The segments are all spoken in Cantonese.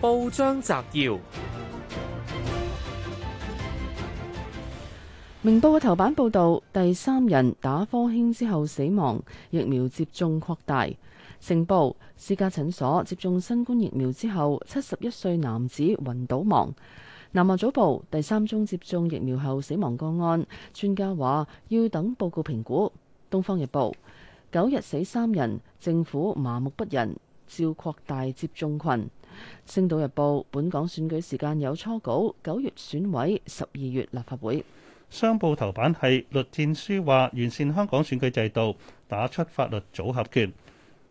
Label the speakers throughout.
Speaker 1: 報章摘要：明報嘅頭版報道，第三人打科興之後死亡，疫苗接種擴大。成報私家診所接種新冠疫苗之後，七十一歲男子暈倒亡。南華早報第三宗接種疫苗後死亡個案，專家話要等報告評估。東方日報九日死三人，政府麻木不仁，照擴大接種群。星島日報：
Speaker 2: 本港選舉時間有初稿，九月選委，十二月立法會。商報頭版係栗戰書話完善香港選舉制度，打出法律組合拳。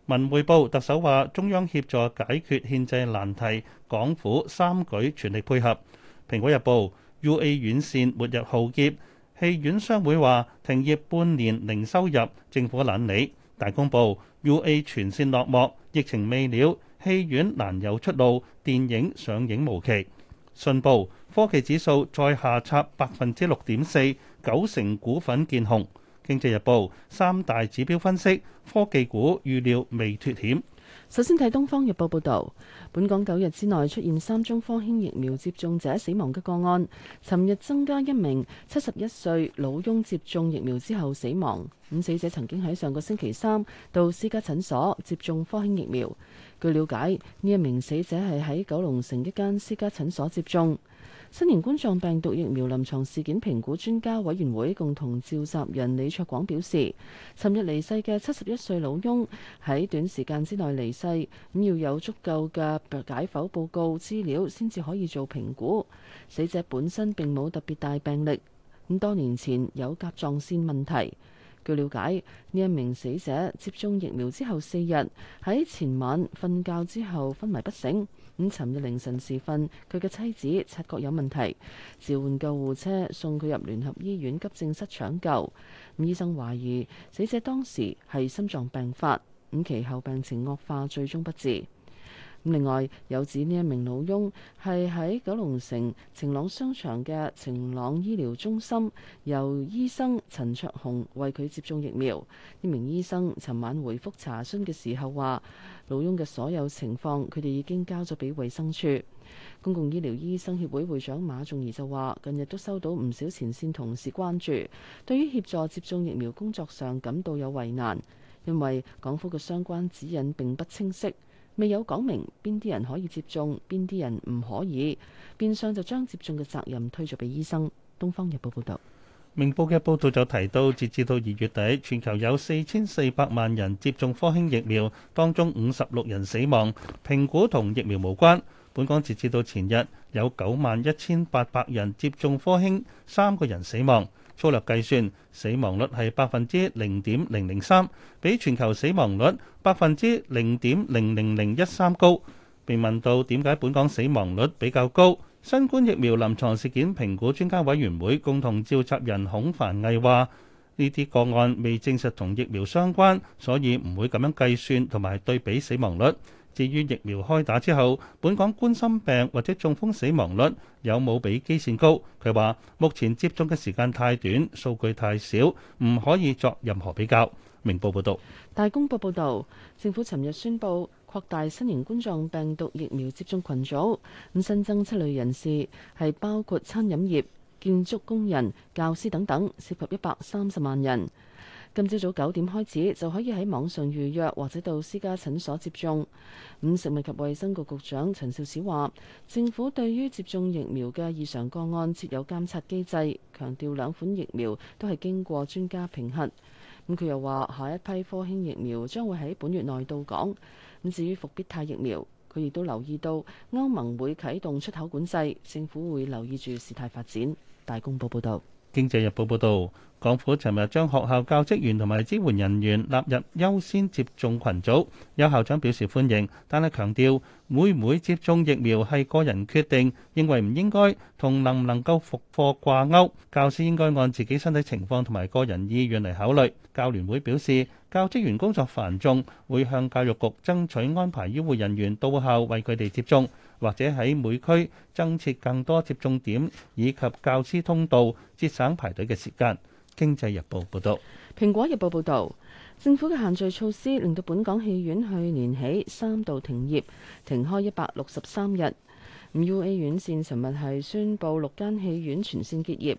Speaker 2: 文匯報：特首話中央協助解決憲制難題，港府三舉全力配合。蘋果日報：UA 院線末日浩劫，戲院商會話停業半年零收入，政府懶理。大公報：UA 全線落幕，疫情未了。戲院難有出路，電影上映無期。信報科技指數再下插百分之六點四，九成股份見紅。經濟日報三大指標分析科技股，預料未脱險。
Speaker 1: 首先睇《東方日報》報導，本港九日之內出現三宗科興疫苗接種者死亡嘅個案，尋日增加一名七十一歲老翁接種疫苗之後死亡。咁死者曾經喺上個星期三到私家診所接種科興疫苗。據了解，呢一名死者係喺九龍城一間私家診所接種。新型冠狀病毒疫苗臨床事件評估專家委員會共同召集人李卓廣表示，尋日離世嘅七十一歲老翁喺短時間之內離世，咁要有足夠嘅解剖報告資料先至可以做評估。死者本身並冇特別大病歷，咁多年前有甲狀腺問題。據了解，呢一名死者接種疫苗之後四日，喺前晚瞓覺之後昏迷不醒。咁尋日凌晨時分，佢嘅妻子察覺有問題，召喚救護車送佢入聯合醫院急症室搶救。咁醫生懷疑死者當時係心臟病發，咁其後病情惡化，最終不治。另外，有指呢一名老翁係喺九龍城晴朗商場嘅晴朗醫療中心，由醫生陳卓雄為佢接種疫苗。呢名醫生尋晚回覆查詢嘅時候話，老翁嘅所有情況，佢哋已經交咗俾衛生署。公共醫療醫生協會會長馬仲儀就話，近日都收到唔少前線同事關注，對於協助接種疫苗工作上感到有為難，因為港府嘅相關指引並不清晰。未有講明邊啲人可以接種，邊啲人唔可以，變相就將接種嘅責任推咗俾醫生。《東方日報》報道，
Speaker 2: 《明報》嘅報道就提到，截至到二月底，全球有四千四百萬人接種科興疫苗，當中五十六人死亡，評估同疫苗無關。本港截至到前日有九萬一千八百人接種科興，三個人死亡。粗略計算，死亡率係百分之零點零零三，比全球死亡率百分之零點零零零一三高。被問到點解本港死亡率比較高，新冠疫苗臨牀事件評估專家委員會共同召集人孔凡毅話，呢啲個案未證實同疫苗相關，所以唔會咁樣計算同埋對比死亡率。至於疫苗開打之後，本港冠心病或者中風死亡率有冇比基線高？佢話目前接種嘅時間太短，數據太少，唔可以作任何比較。明報報道，
Speaker 1: 大公報報道，政府尋日宣布擴大新型冠狀病毒疫苗接種群組，咁新增七類人士係包括餐飲業、建築工人、教師等等，涉及一百三十萬人。今朝早九點開始就可以喺網上預約，或者到私家診所接種。五食物及衛生局局長陳肇始話：政府對於接種疫苗嘅異常個案設有監察機制，強調兩款疫苗都係經過專家評核。咁佢又話：下一批科興疫苗將會喺本月內到港。咁至於復必泰疫苗，佢亦都留意到歐盟會啟動出口管制，政府會留意住事態發展。大公報報道。
Speaker 2: 經濟日報報道。港府尋日將學校教職員同埋支援人員納入優先接種群組，有校長表示歡迎，但係強調會唔會接種疫苗係個人決定，認為唔應該同能唔能夠復課掛鈎。教師應該按自己身體情況同埋個人意願嚟考慮。教聯會表示，教職員工作繁重，會向教育局爭取安排醫護人員到校為佢哋接種，或者喺每區增設更多接種點以及教師通道，節省排隊嘅時間。經濟日報報道，
Speaker 1: 蘋果日報報道，政府嘅限聚措施令到本港戲院去年起三度停業，停開一百六十三日。UA 院線尋日係宣布六間戲院全線結業，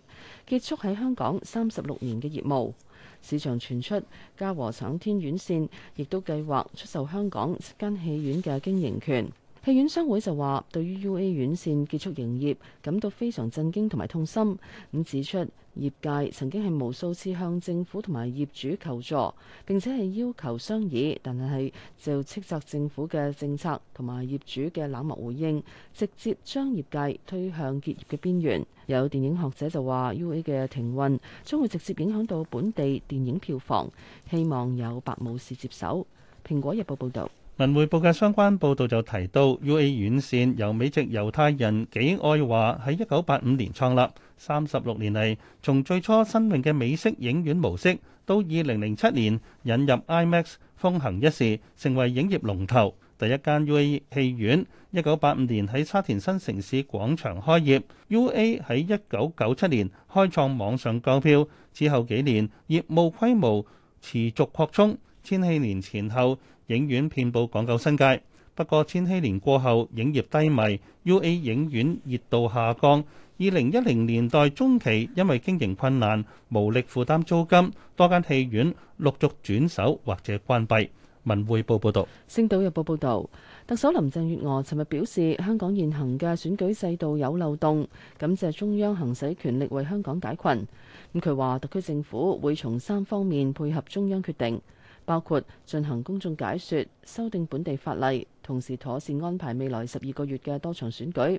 Speaker 1: 結束喺香港三十六年嘅業務。市場傳出，嘉禾省天院線亦都計劃出售香港七間戲院嘅經營權。戲院商會就話，對於 UA 院線結束營業感到非常震驚同埋痛心。咁指出，業界曾經係無數次向政府同埋業主求助，並且係要求商議，但係就斥責政府嘅政策同埋業主嘅冷漠回應，直接將業界推向結業嘅邊緣。有電影學者就話，UA 嘅停運將會直接影響到本地電影票房，希望有白武士接手。《蘋果日報》報導。
Speaker 2: 文匯報嘅相關報導就提到，U A 院線由美籍猶太人紀愛華喺一九八五年創立，三十六年嚟，從最初新穎嘅美式影院模式，到二零零七年引入 IMAX 風行一時，成為影業龍頭第一間 U A 戲院。一九八五年喺沙田新城市廣場開業，U A 喺一九九七年開創網上購票，之後幾年業務規模持續擴充，千禧年前後，影院遍佈港九新界，不過千禧年過後，影業低迷，UA 影院熱度下降。二零一零年代中期，因為經營困難，無力負擔租金，多間戲院陸續轉手或者關閉。文匯報報導，
Speaker 1: 星島日報報導，特首林鄭月娥尋日表示，香港現行嘅選舉制度有漏洞，感謝中央行使權力為香港解困。咁佢話，特區政府會從三方面配合中央決定。包括進行公眾解說、修訂本地法例，同時妥善安排未來十二個月嘅多場選舉。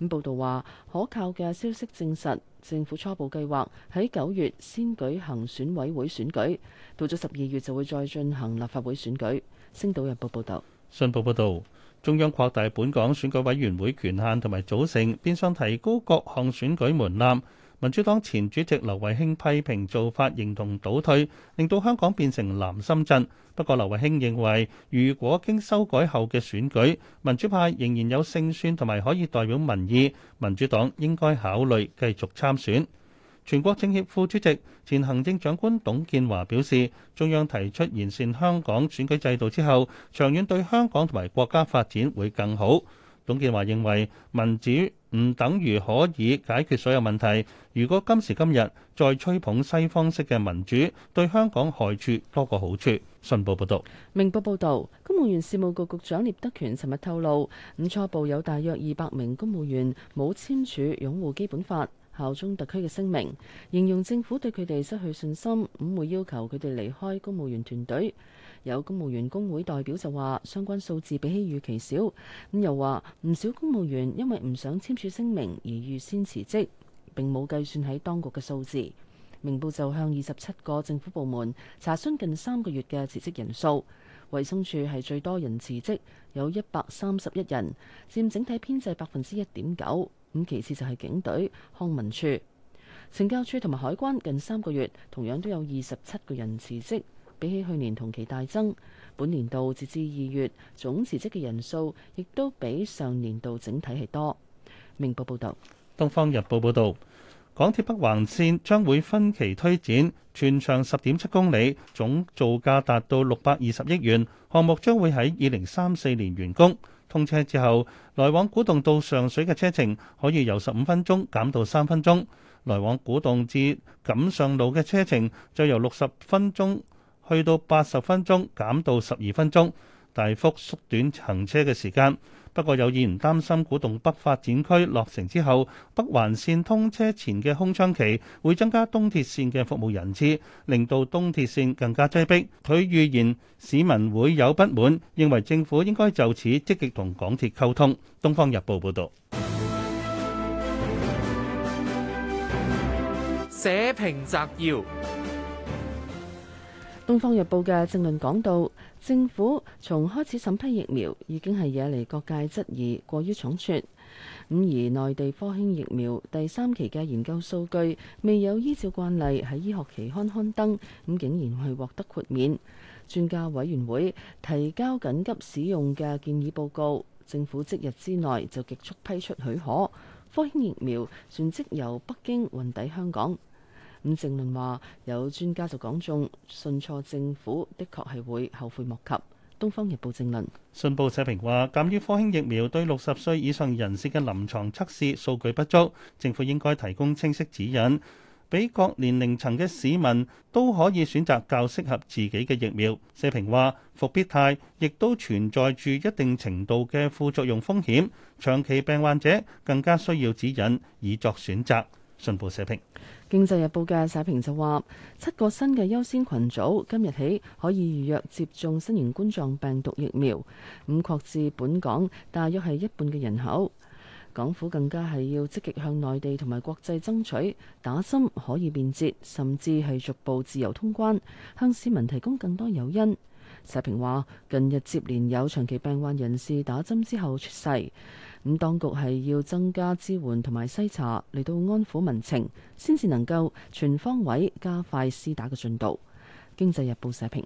Speaker 1: 咁報道話，可靠嘅消息證實，政府初步計劃喺九月先舉行選委會選舉，到咗十二月就會再進行立法會選舉。星島日報報道：
Speaker 2: 「信報報道，中央擴大本港選舉委員會權限同埋組成，變相提高各項選舉門檻。民主黨前主席劉慧卿批評做法形同倒退，令到香港變成藍深圳。不過劉慧卿認為，如果經修改後嘅選舉，民主派仍然有勝算同埋可以代表民意，民主黨應該考慮繼續參選。全國政協副主席、前行政長官董建華表示，中央提出完善香港選舉制度之後，長遠對香港同埋國家發展會更好。董建華認為民主唔等於可以解決所有問題。如果今時今日再吹捧西方式嘅民主，對香港害處多過好處。信報報道，
Speaker 1: 明報報道，公務員事務局局長聶德權尋日透露，五初步有大約二百名公務員冇簽署擁護基本法、效忠特區嘅聲明，形容政府對佢哋失去信心，唔會要求佢哋離開公務員團隊。有公務員工會代表就話，相關數字比起預期少。咁又話，唔少公務員因為唔想簽署聲明而預先辭職，並冇計算喺當局嘅數字。明報就向二十七個政府部門查詢近三個月嘅辭職人數。衞生署係最多人辭職，有一百三十一人，佔整體編制百分之一點九。咁其次就係警隊、康文署、懲教署同埋海關，近三個月同樣都有二十七個人辭職。比起去年同期大增，本年度截至二月總辭職嘅人數亦都比上年度整體係多。明
Speaker 2: 報報道。東方日報報道，港鐵北環線將會分期推展，全長十點七公里，總造價達到六百二十億元。項目將會喺二零三四年完工通車之後，來往古洞到上水嘅車程可以由十五分鐘減到三分鐘，來往古洞至錦上路嘅車程再由六十分鐘去到八十分鐘，減到十二分鐘，大幅縮短行車嘅時間。不過有議員擔心，古洞北發展區落成之後，北環線通車前嘅空窗期會增加東鐵線嘅服務人次，令到東鐵線更加擠迫。佢預言市民會有不滿，認為政府應該就此積極同港鐵溝通。《東方日報》報導。社評摘要。
Speaker 1: 《東方日報》嘅政論講到，政府從開始審批疫苗已經係惹嚟各界質疑，過於草率。咁而內地科興疫苗第三期嘅研究數據未有依照慣例喺醫學期刊刊登，咁竟然係獲得豁免。專家委員會提交緊急使用嘅建議報告，政府即日之內就極速批出許可，科興疫苗旋即由北京運抵香港。正論話：有專家就講中，信錯政府的確係會後悔莫及。
Speaker 2: 東方日報政論。信報社評話，鑒於科興疫苗對六十歲以上人士嘅臨牀測試數據不足，政府應該提供清晰指引，俾各年齡層嘅市民都可以選擇較適合自己嘅疫苗。社評話，復必泰亦都存在住一定程度嘅副作用風險，長期病患者更加需要指引以作選擇。信報社評。
Speaker 1: 經濟日報嘅社評就話：七個新嘅優先群組今日起可以預約接種新型冠狀病毒疫苗，咁擴至本港大約係一半嘅人口。港府更加係要積極向內地同埋國際爭取打針可以便捷，甚至係逐步自由通關，向市民提供更多誘因。社評話：近日接連有長期病患人士打針之後猝逝。咁當局係要增加支援同埋篩查嚟到安撫民情，先至能夠全方位加快施打嘅進度。經濟日報社評。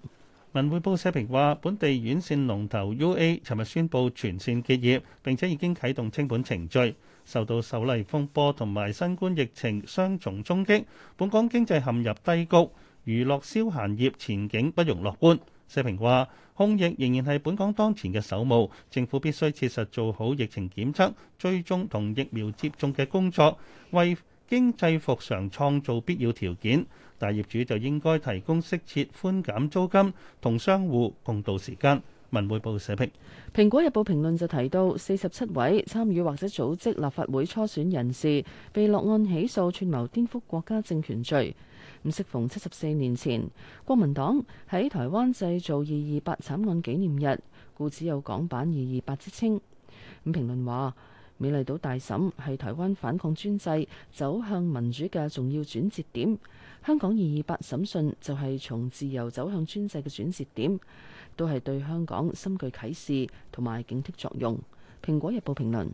Speaker 2: 文匯報社評話，本地院線龍頭 UA 尋日宣布全線結業，並且已經啟動清盤程序。受到修例風波同埋新冠疫情雙重衝擊，本港經濟陷入低谷，娛樂消閒業前景不容樂觀。社評話。抗疫仍然係本港當前嘅首務，政府必須切實做好疫情檢測、追蹤同疫苗接種嘅工作，為經濟復常創造必要條件。大業主就應該提供適切寬減租金，同商戶共度時艱。文匯報社評，
Speaker 1: 《蘋果日報》評論就提到，四十七位參與或者組織立法會初選人士被落案起訴串謀顛覆國家政權罪。咁適逢七十四年前，國民黨喺台灣製造二二八慘案紀念日，故此有港版二二八之稱。咁評論話：美麗島大審係台灣反抗專制、走向民主嘅重要轉折點，香港二二八審訊就係從自由走向專制嘅轉折點，都係對
Speaker 2: 香港深具啟示同埋警惕作用。《蘋果日報》評論。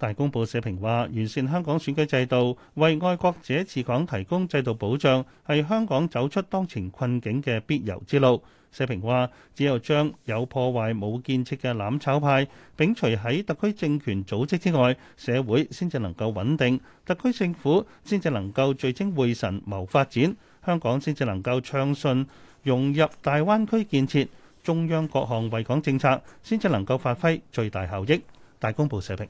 Speaker 2: 大公報社評話：完善香港選舉制度，為愛國者治港提供制度保障，係香港走出當前困境嘅必由之路。社評話：只有將有破壞冇建設嘅攬炒派摒除喺特區政權組織之外，社會先至能夠穩定，特區政府先至能夠聚精會神謀發展，香港先至能夠暢順融入大灣區建設，中央各項惠港政策先至能夠發揮最大效益。大公報社評。